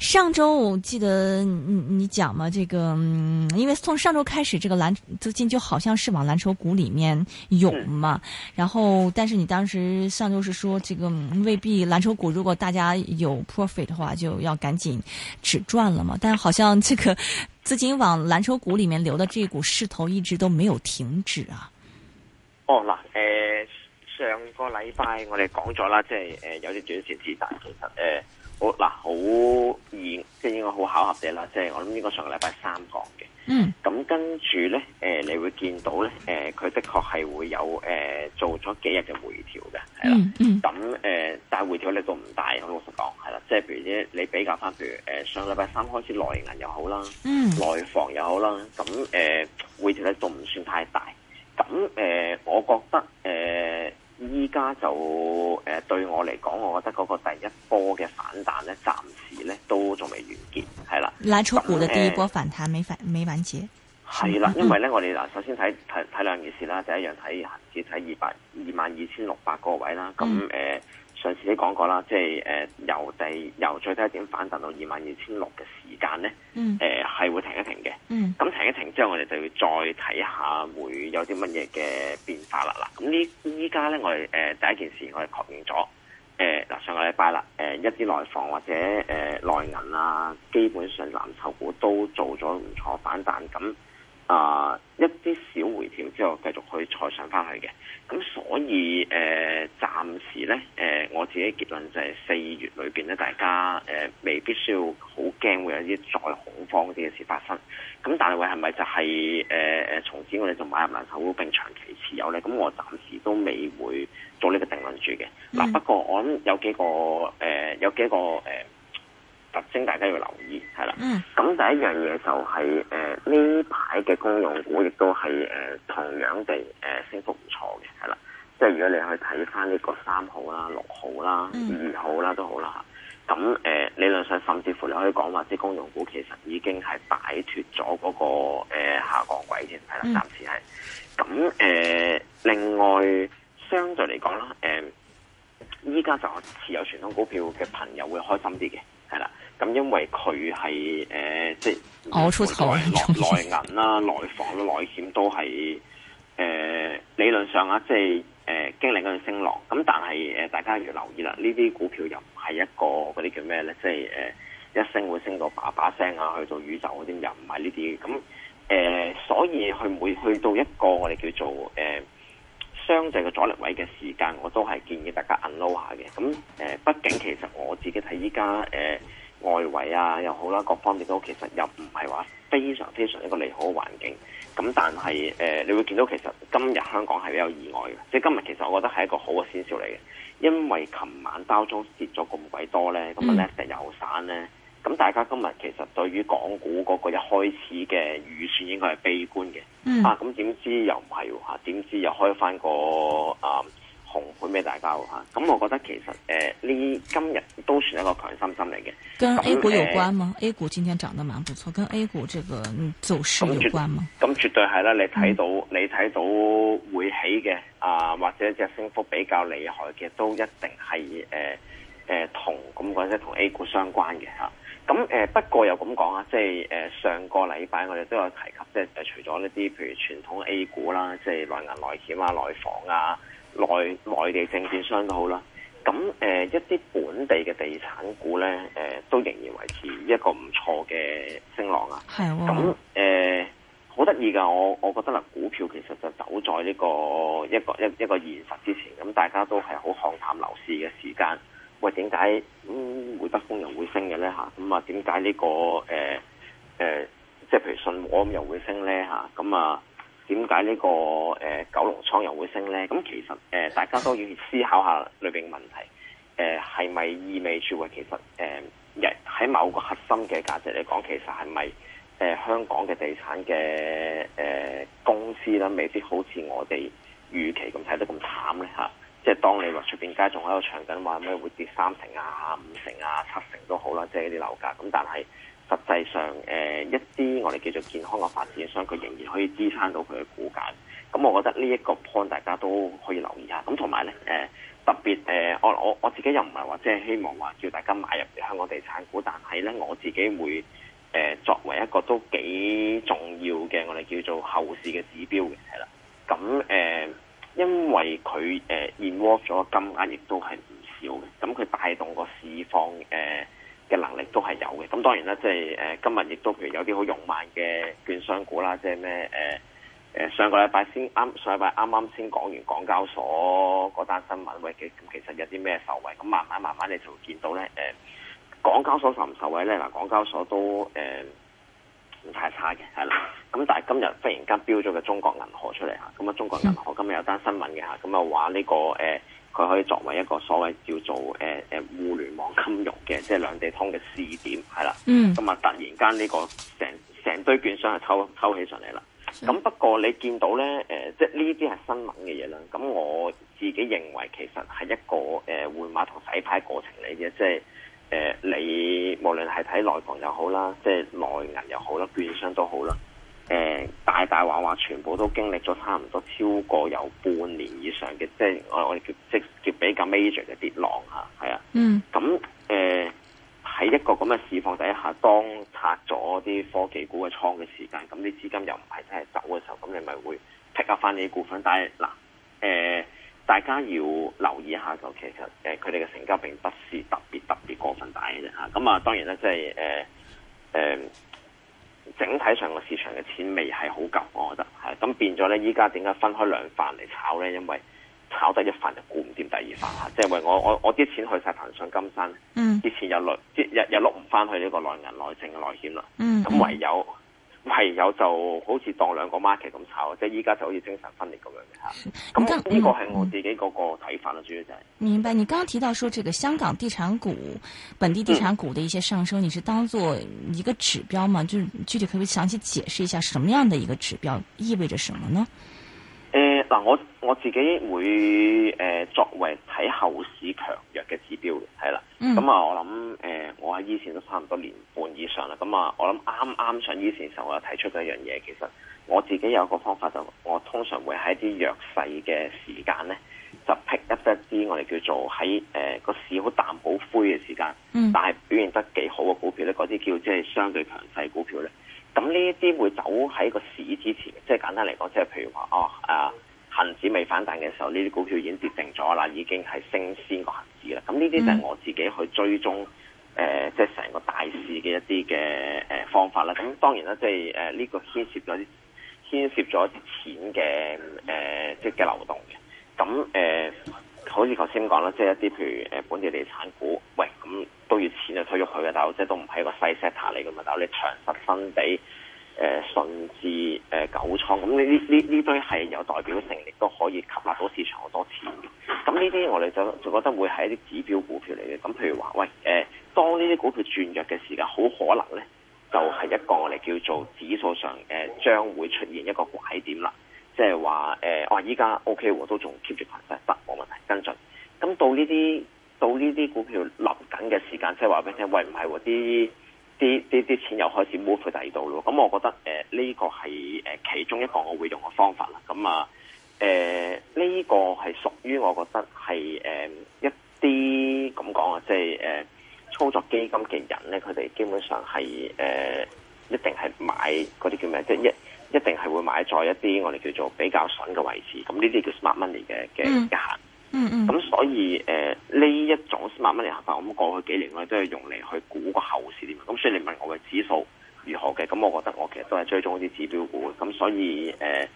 上周我記得你你講嘛，這個因為從上周開始，這個藍資金就好像是往藍籌股裏面湧嘛，嗯。然後，但是你當時上周是說這個未必藍籌股，如果大家有 profit 的話，就要趕緊止賺了嘛。但好像這個資金往藍籌股裏面流的這股勢頭一直都沒有停止啊。哦，嗱，誒，上個禮拜我哋講咗啦，即係誒有啲短線止賺，其實誒。呃好嗱，好而即係應該好巧合嘅啦，即係我諗應該上個禮拜三講嘅。嗯。咁跟住咧，誒，你會見到咧，誒，佢的確係會有誒做咗幾日嘅回調嘅，係啦。咁、嗯、誒、嗯，但係回調力度唔大，我老實講係啦。即係譬如咧，你比較翻，譬如誒上禮拜三開始內銀又好啦，嗯，內房又好啦，咁誒回調力度唔算太大。咁誒，我覺得誒依家就。藍籌股嘅第一波反彈，嗯、沒反、嗯、沒完結、係啦、嗯，因為咧我哋，嗱，首先睇睇睇兩件事啦，第一樣睇只睇二百二萬二千六百個位啦，咁、嗯、誒、呃，上次都講過啦，即係誒、呃、由第由最低一點反彈到二萬二千六嘅時間咧，誒、嗯、係、呃、會停一停嘅，咁、嗯、停一停之後我哋就要再睇下會有啲乜嘢嘅變化啦，嗱，咁呢依家咧我哋誒、呃、第一件事我哋確認咗。誒、呃，嗱，上個禮拜啦，誒、呃、一啲內房或者誒內銀啊，基本上藍籌股都做咗唔錯反彈，咁。啊！一啲小回調之後，繼續去再上翻去嘅。咁所以，誒、呃、暫時咧，誒、呃、我自己結論就係四月裏面咧，大家誒、呃、未必需要好驚會有啲再恐慌啲嘅事發生。咁但係，會係咪就係誒從此我哋就買入唔到並長期持有咧？咁我暫時都未會做呢個定論住嘅。嗱、嗯啊，不過我諗有幾個誒、呃、有幾個誒、呃、特徵，大家要留意係啦。一樣嘢就係誒呢排嘅公用股亦都係誒同樣地誒、呃、升幅唔錯嘅係啦，即係如果你去睇翻呢個三號啦、六號啦、二號啦都好啦，咁誒、呃、理論上甚至乎你可以講話啲公用股其實已經係擺脱咗嗰個誒、呃、下降軌添係啦，暫時係咁誒。另外相對嚟講啦，誒依家就持有傳統股票嘅朋友會開心啲嘅係啦。咁、嗯、因為佢係誒，即係內、呃、內銀啦、 內房、內險都係誒、呃、理論上啊，即係誒、呃、經歷緊升浪。咁但係誒、呃，大家要留意啦，呢啲股票又唔係一個嗰啲叫咩咧？即係誒、呃、一升會升到把把聲啊，去到宇宙嗰啲又唔係呢啲。咁、嗯、誒、呃，所以佢每去到一個我哋叫做誒、呃、相對嘅阻力位嘅時間，我都係建議大家 unload 下嘅。咁、嗯、誒、呃，畢竟其實我自己睇依家誒。呃外圍啊又好啦，各方面都其實又唔係話非常非常一個利好嘅環境。咁但係誒、呃，你會見到其實今日香港係比較意外嘅，即係今日其實我覺得係一個好嘅先兆嚟嘅，因為琴晚包裝跌咗咁鬼多咧，咁咧成油散呢。咁大家今日其實對於港股嗰個一開始嘅預算應該係悲觀嘅、嗯，啊咁點知又唔係喎？點知又開翻個、啊紅盤俾大家嘅吓，咁我覺得其實誒呢、呃、今日都算一個強心針嚟嘅。跟 A 股有關嗎、呃、？A 股今天漲得蠻不錯，跟 A 股這個走勢有關嗎？咁絕，絕對係啦，你睇到你睇到會起嘅、嗯、啊，或者隻升幅比較厲害嘅，都一定係誒誒同咁或者同 A 股相關嘅吓。咁、啊、誒、呃、不過又咁講啊，即係誒上個禮拜我哋都有提及，即、就、係、是、除咗呢啲譬如傳統 A 股啦，即係內銀內險啊、內房啊。內內地證券商都好啦，咁誒、呃、一啲本地嘅地產股咧，誒、呃、都仍然維持一個唔錯嘅升浪啊！係喎，咁誒好得意噶，我我覺得啦，股票其實就走在呢、這個一個一個一個現實之前，咁大家都係好看淡樓市嘅時間。喂，點解、嗯、會德豐又會升嘅咧？吓咁啊？點解呢個誒誒，即、呃、係、呃、譬如信和咁又會升咧？吓咁啊？啊點解呢個誒、呃、九龍倉又會升咧？咁其實誒、呃、大家都要思考下裏邊問題，誒係咪意味住話其實誒日喺某個核心嘅價值嚟講，其實係咪誒香港嘅地產嘅誒、呃、公司咧，未必好似我哋預期咁睇得咁淡咧嚇、啊？即係當你話出邊街仲喺度唱緊話咩會跌三成啊、五成啊、七成都好啦，即係啲樓價咁，但係，實際上，呃、一啲我哋叫做健康嘅發展商，佢仍然可以支撐到佢嘅股價。咁，我覺得呢一個 point 大家都可以留意下。咁同埋咧，特別、呃、我我我自己又唔係話即係希望話叫大家買入香港地產股，但係咧我自己會、呃、作為一個都幾重要嘅我哋叫做後市嘅指標嘅，係啦。咁、呃、因為佢現 involve 咗金額亦都係唔少嘅，咁佢帶動個市況嘅能力都係有嘅，咁當然啦，即係、呃、今日亦都譬如有啲好勇猛嘅券商股啦，即係咩上個禮拜先啱上個禮拜啱啱先講完港交所嗰單新聞，喂，其其實有啲咩受惠，咁慢慢慢慢你就會見到咧、呃，港交所受唔受惠咧？嗱、呃，港交所都唔、呃、太差嘅，係啦，咁但係今日忽然間飆咗個中國銀河出嚟吓，咁啊，中國銀河今日有單新聞嘅吓，咁啊，話呢個、呃佢可以作為一個所謂叫做誒誒、呃、互聯網金融嘅，即係兩地通嘅試點，係啦。嗯。咁啊，突然間呢、這個成成堆券商係抽抽起上嚟啦。咁不過你見到咧誒、呃，即係呢啲係新聞嘅嘢啦。咁我自己認為其實係一個誒換碼同洗牌過程嚟嘅，即係誒、呃、你無論係睇內房又好啦，即係內銀又好啦，券商都好啦。誒、呃、大大話話，全部都經歷咗差唔多超過有半年以上嘅，即係我我哋叫即叫比較 major 嘅跌浪嚇，係啊，嗯，咁誒喺一個咁嘅市況底下，當拆咗啲科技股嘅倉嘅時間，咁啲資金又唔係真係走嘅時候，咁你咪會劈得翻翻啲股份。但係嗱，誒、呃呃、大家要留意下，就其實誒佢哋嘅成交並不是特別特別過分大嘅啫嚇。咁啊，當然咧，即係誒誒。呃呃整體上個市場嘅錢未係好急，我覺得咁變咗咧。依家點解分開兩份嚟炒咧？因為炒得一份就顧唔掂第二份，即係為我我我啲錢去晒騰訊金山，啲錢又落即又又碌唔翻去呢個內銀內證嘅內險啦。咁、嗯、唯有。唯有就好似當兩個 market 咁炒，即係依家就好似精神分裂咁樣嘅吓。咁呢個係我自己嗰個睇法咯，主要就係。明白。你剛剛提到說，這個香港地產股、本地地產股的一些上升，嗯、你是當做一個指標嘛？就具體可唔可以詳細解釋一下，什麼樣的一個指標意味着什麼呢？誒、呃，嗱我我自己會誒、呃、作為睇後市強弱嘅指標，係啦，咁、嗯、啊我諗誒、呃、我喺以前都差唔多年半以上啦，咁啊我諗啱啱上以前時候，我就提出咗一樣嘢，其實我自己有一個方法就是、我通常會喺啲弱勢嘅時間咧，就 pick up 一啲我哋叫做喺誒個市好淡好灰嘅時間，嗯、但係表現得幾好嘅股票咧，嗰啲叫即係相對強勢股票咧。咁呢一啲會走喺個市之前，即係簡單嚟講，即係譬如話哦，誒、啊、恆指未反彈嘅時候，呢啲股票已經跌定咗啦，已經係升先個恒指啦。咁呢啲就係我自己去追蹤、呃、即係成個大市嘅一啲嘅、呃、方法啦。咁當然啦，即係呢、呃呢個牽涉咗啲牽涉咗啲錢嘅、呃、即係嘅流動嘅。咁誒、呃，好似頭先講啦，即係一啲譬如本地地產股，喂咁。嗯就推咗佢啊！但係我即係都唔係一個細 sector 嚟嘅嘛。但係我哋長實新地，誒順至誒九倉，咁呢呢呢堆係有代表性，亦都可以吸納到市場好多錢嘅。咁呢啲我哋就就覺得會係一啲指標股票嚟嘅。咁譬如話，喂，誒、呃，當呢啲股票轉弱嘅時間，好可能咧，就係、是、一個我哋叫做指數上誒，將、呃、會出現一個拐點啦。即係話，誒、呃，我依家 O K，我都仲 keep 住行得，冇問題跟進。咁到呢啲。到呢啲股票臨緊嘅時間，即係話俾你聽，喂，唔係喎，啲啲啲啲錢又開始 move 去第二度咯。咁我覺得誒呢、呃呢個係誒其中一個我會用嘅方法啦。咁啊誒呢個係屬於我覺得係誒、呃、一啲咁講啊，即係誒操作基金嘅人咧，佢哋基本上係誒、呃、一定係買嗰啲叫咩？即係一一定係會買咗一啲我哋叫做比較筍嘅位置。咁呢啲叫 smart money 嘅嘅客。嗯、mm -hmm. 嗯，咁所以誒呢、呃、一種千八蚊嚟合法，咁過去幾年咧都係用嚟去估個後市點，咁所以你問我嘅指數如何嘅？咁我覺得我其實都係追蹤一啲指標股，咁所以誒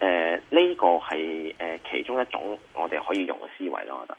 誒呢個係誒、呃、其中一種我哋可以用嘅思維咯，我覺得。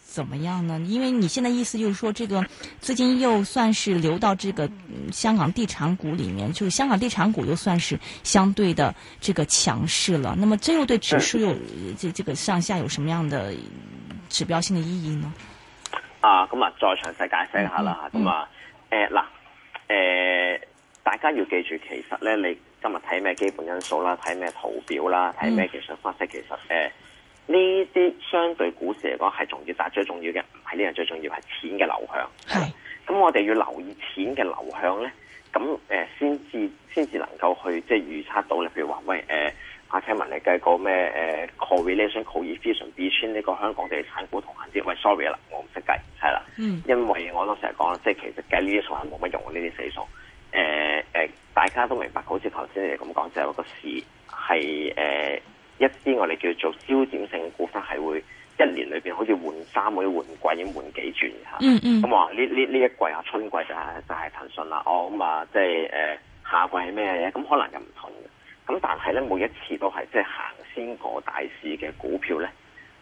怎麼樣呢？因為你現在意思就是說，這個資金又算是流到這個香港地產股裏面，就是、香港地產股又算是相對的這個強勢了。那麼，這又對指數有這、嗯、這個上下有什麼樣的指標性的意義呢？啊，咁啊，再詳細解釋一下啦，咁、嗯、啊、嗯，誒嗱，誒，大家要記住，其實呢，你今日睇咩基本因素啦，睇咩圖表啦，睇咩技術分析，其實、、嗯、發現其實誒。呢啲相對股市嚟講係重要，但最重要嘅唔係呢樣，最重要係錢嘅流向。係，咁、嗯、我哋要留意錢嘅流向咧，咁誒先至先至能夠去即係預測到咧。譬如話喂誒，阿、呃啊、Kevin 你計過咩誒、呃、correlation coefficient between 呢個香港地產股同行啲喂，sorry 啦，我唔識計，係啦、嗯，因為我都成日講啦，即係其實計呢啲數係冇乜用呢啲四數。誒、呃、誒、呃，大家都明白，好似頭先你哋咁講即係個市係誒。呃一啲我哋叫做焦點性嘅股份，係會一年裏邊好似換衫、換季、換幾轉嚇。咁話呢呢呢一季啊，春季就係就係騰訊啦、啊。哦，咁、嗯、啊，即係誒夏季係咩嘢？咁可能又唔同嘅。咁但係咧，每一次都係即係行先個大市嘅股票咧。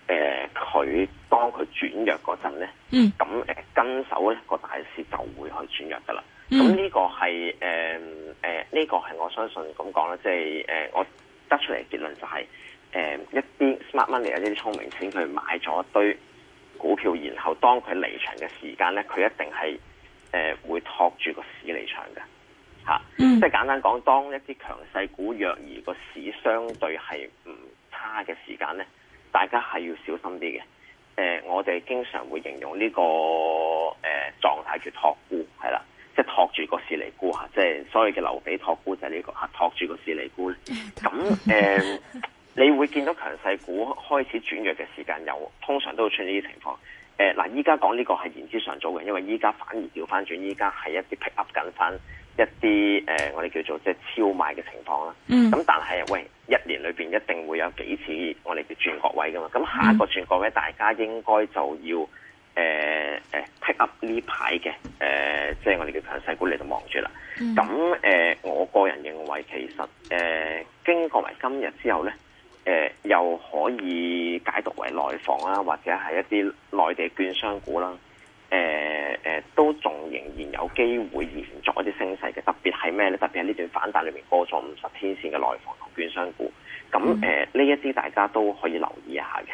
佢、呃、當佢轉弱嗰陣咧，嗯，咁、嗯、跟手咧個大市就會去轉弱噶啦。咁、嗯、呢、嗯嗯嗯呢個係呢我相信咁講咧，即、就、係、是呃、我。得出嚟結論就係、是，誒、呃、一啲 smart money 一啲聰明錢佢買咗一堆股票，然後當佢離場嘅時間咧，佢一定係誒、呃、會托住個市離場嘅，嚇、啊嗯，即係簡單講，當一啲強勢股弱而個市相對係唔差嘅時間咧，大家係要小心啲嘅。誒、呃，我哋經常會形容呢、這個誒狀態叫托沽，係啦。即係托住個市嚟沽，吓，即係所謂嘅留比托沽，就係呢、這個吓，托住個市嚟沽。咁 誒、嗯，你會見到強勢股開始轉弱嘅時間有，有通常都會出現呢啲情況。誒、嗯，嗱，依家講呢個係言之尚早嘅，因為依家反而調翻轉，依家係一啲 pick up 緊翻一啲誒、呃，我哋叫做即係超賣嘅情況啦。咁、嗯、但係喂，一年裏邊一定會有幾次我哋嘅轉角位噶嘛？咁下一個轉角位，大家應該就要。誒誒，pick up 呢排嘅誒，即、呃、係、就是、我哋叫強勢股，你就望住啦。咁誒、呃，我個人認為，其實誒、呃，經過埋今日之後咧，誒、呃，又可以解讀為內房啦，或者係一啲內地券商股啦。誒、呃、誒、呃，都仲仍然有機會延續一啲升勢嘅，特別係咩咧？特別係呢段反彈裏面過咗五十天線嘅內房同券商股。咁誒，呢一啲大家都可以留意一下嘅。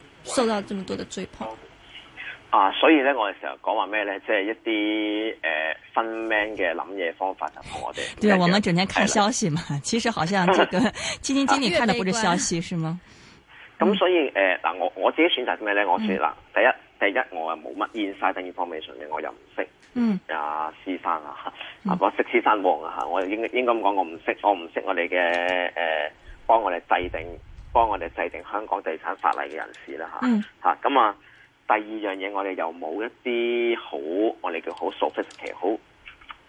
受到這麼多的追捧、嗯嗯、啊，所以咧我哋成日講話咩咧，即、就、係、是、一啲誒、呃、新 man 嘅諗嘢方法就同我哋。對，我們整天看消息嘛，其實好像這個基金經理看的不是消息是嗎？咁、啊嗯嗯、所以誒嗱、呃，我我自己選擇咩咧？我選擇、嗯，第一第一我係冇乜 insight 呢方面上面，我，我又唔識。嗯。啊，施生啊，啊、嗯、啊，我識施生旺啊吓，我應應該咁講，我唔識，我唔識我哋嘅誒幫我哋制定。幫我哋制定香港地產法例嘅人士啦咁、嗯、啊，第二樣嘢我哋又冇一啲好，我哋叫好 sophistic 好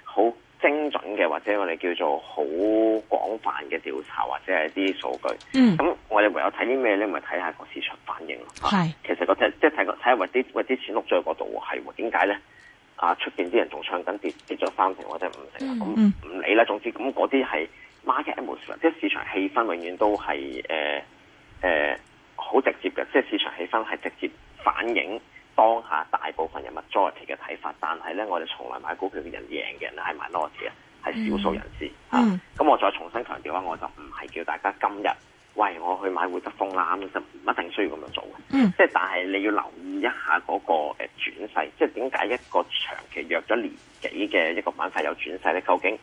好精準嘅，或者我哋叫做好廣泛嘅調查或者係啲數據。嗯，咁我哋唯有睇啲咩咧？咪睇下個市場反應咯、啊。其實個即係即係睇個睇下為啲為啲錢碌咗喺嗰度係喎。點解咧？啊，出邊啲人仲唱緊跌，跌咗三成，或者五成，咁唔理啦、嗯嗯，總之咁嗰啲係。那那 Market atmosphere，即係市場氣氛，永遠都係誒誒好直接嘅，即係市場氣氛係直接反映當下大部分人 majority 嘅睇法。但係咧，我哋從來買股票嘅人贏嘅人係買 note 係少數人士嚇。咁、mm -hmm. 啊、我再重新強調嘅我就唔係叫大家今日喂，我去買會德豐啦，咁就唔一定需要咁樣做嘅。Mm -hmm. 即但係你要留意一下嗰個轉勢，即係點解一個長期弱咗年幾嘅一個板塊有轉勢咧？究竟？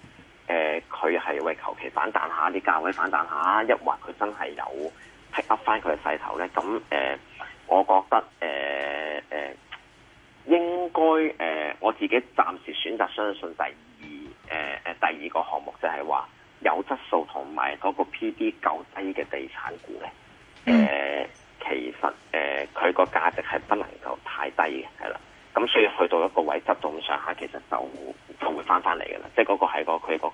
誒佢係會，求其反彈下啲價位反彈一下抑或，佢真係有 pick up 翻佢嘅勢頭咧。咁誒、呃，我覺得誒誒、呃、應該誒、呃，我自己暫時選擇相信第二誒誒、呃、第二個項目，就係話有質素同埋嗰個 P D 較低嘅地產股咧。誒、嗯呃，其實誒佢個價值係不能夠太低嘅，係啦。咁所以去到一個位，急動上下其實就。翻翻嚟嘅啦，即係嗰個係個佢個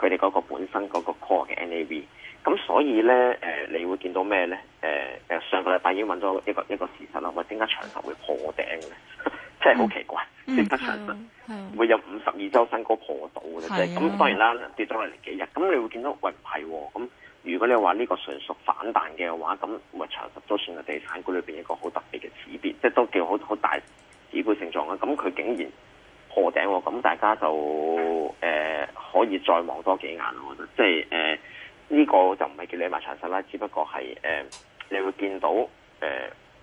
佢哋個本身嗰個 call 嘅 NAV，咁所以咧，誒、呃、你會見到咩咧？誒、呃、誒上個禮拜已經問咗一個一個事實啦，喂，點解長實會破頂嘅咧？即係好奇怪，即、嗯、點解長實、嗯、會有五十二周新高破到嘅，即係咁當然啦，跌咗嚟幾日，咁你會見到喂唔係喎，咁如果你話呢個純屬反彈嘅話，咁唔係長實都算係地產股裏邊一個好特別嘅指標，即係都叫好好大底部形狀啊，咁佢竟然。破頂喎，咁大家就誒、呃、可以再望多幾眼咯，我覺得，即係誒呢個就唔係叫你買長實啦，只不過係誒、呃、你會見到誒、呃、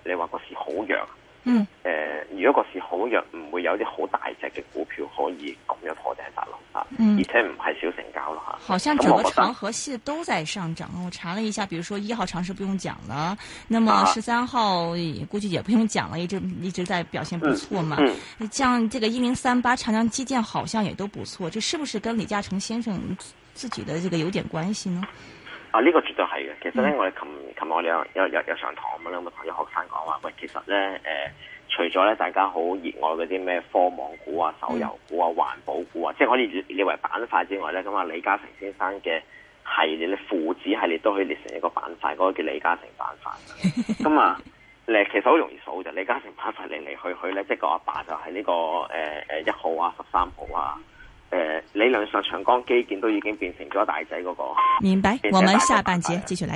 你話個市好弱。嗯，呃，如果個市好弱，唔會有啲好大隻嘅股票可以咁樣破頂殺落，嗯，而且唔係小成交了哈、啊、好像整個長和系都在上漲。我查了一下，比如說，一號長實不用講啦，那麼十三號，啊、估計也不用講啦，一直一直在表現不錯嘛，嗯。嗯，像這個一零三八長江基建好像也都不錯，這是不是跟李嘉誠先生自己的這個有點關係呢？啊！呢個絕對係嘅。其實咧，我哋琴琴日我哋有有有有上堂咁樣，我同啲學生講話，喂，其實咧誒，除咗咧大家好熱愛嗰啲咩科網股啊、手遊股啊、環保股啊，即係可以列為板塊之外咧，咁啊，李嘉誠先生嘅系列咧，父子系列都可以列成一個板塊，嗰個叫李嘉誠板塊。咁啊，誒，其實好容易數就李嘉誠板塊嚟嚟去去咧，即係個阿爸就係呢個誒誒一號啊、十三號啊。誒、呃，理論上長江基建都已經變成咗大仔、嗰個，明白？爸爸我們下半節繼續嚟。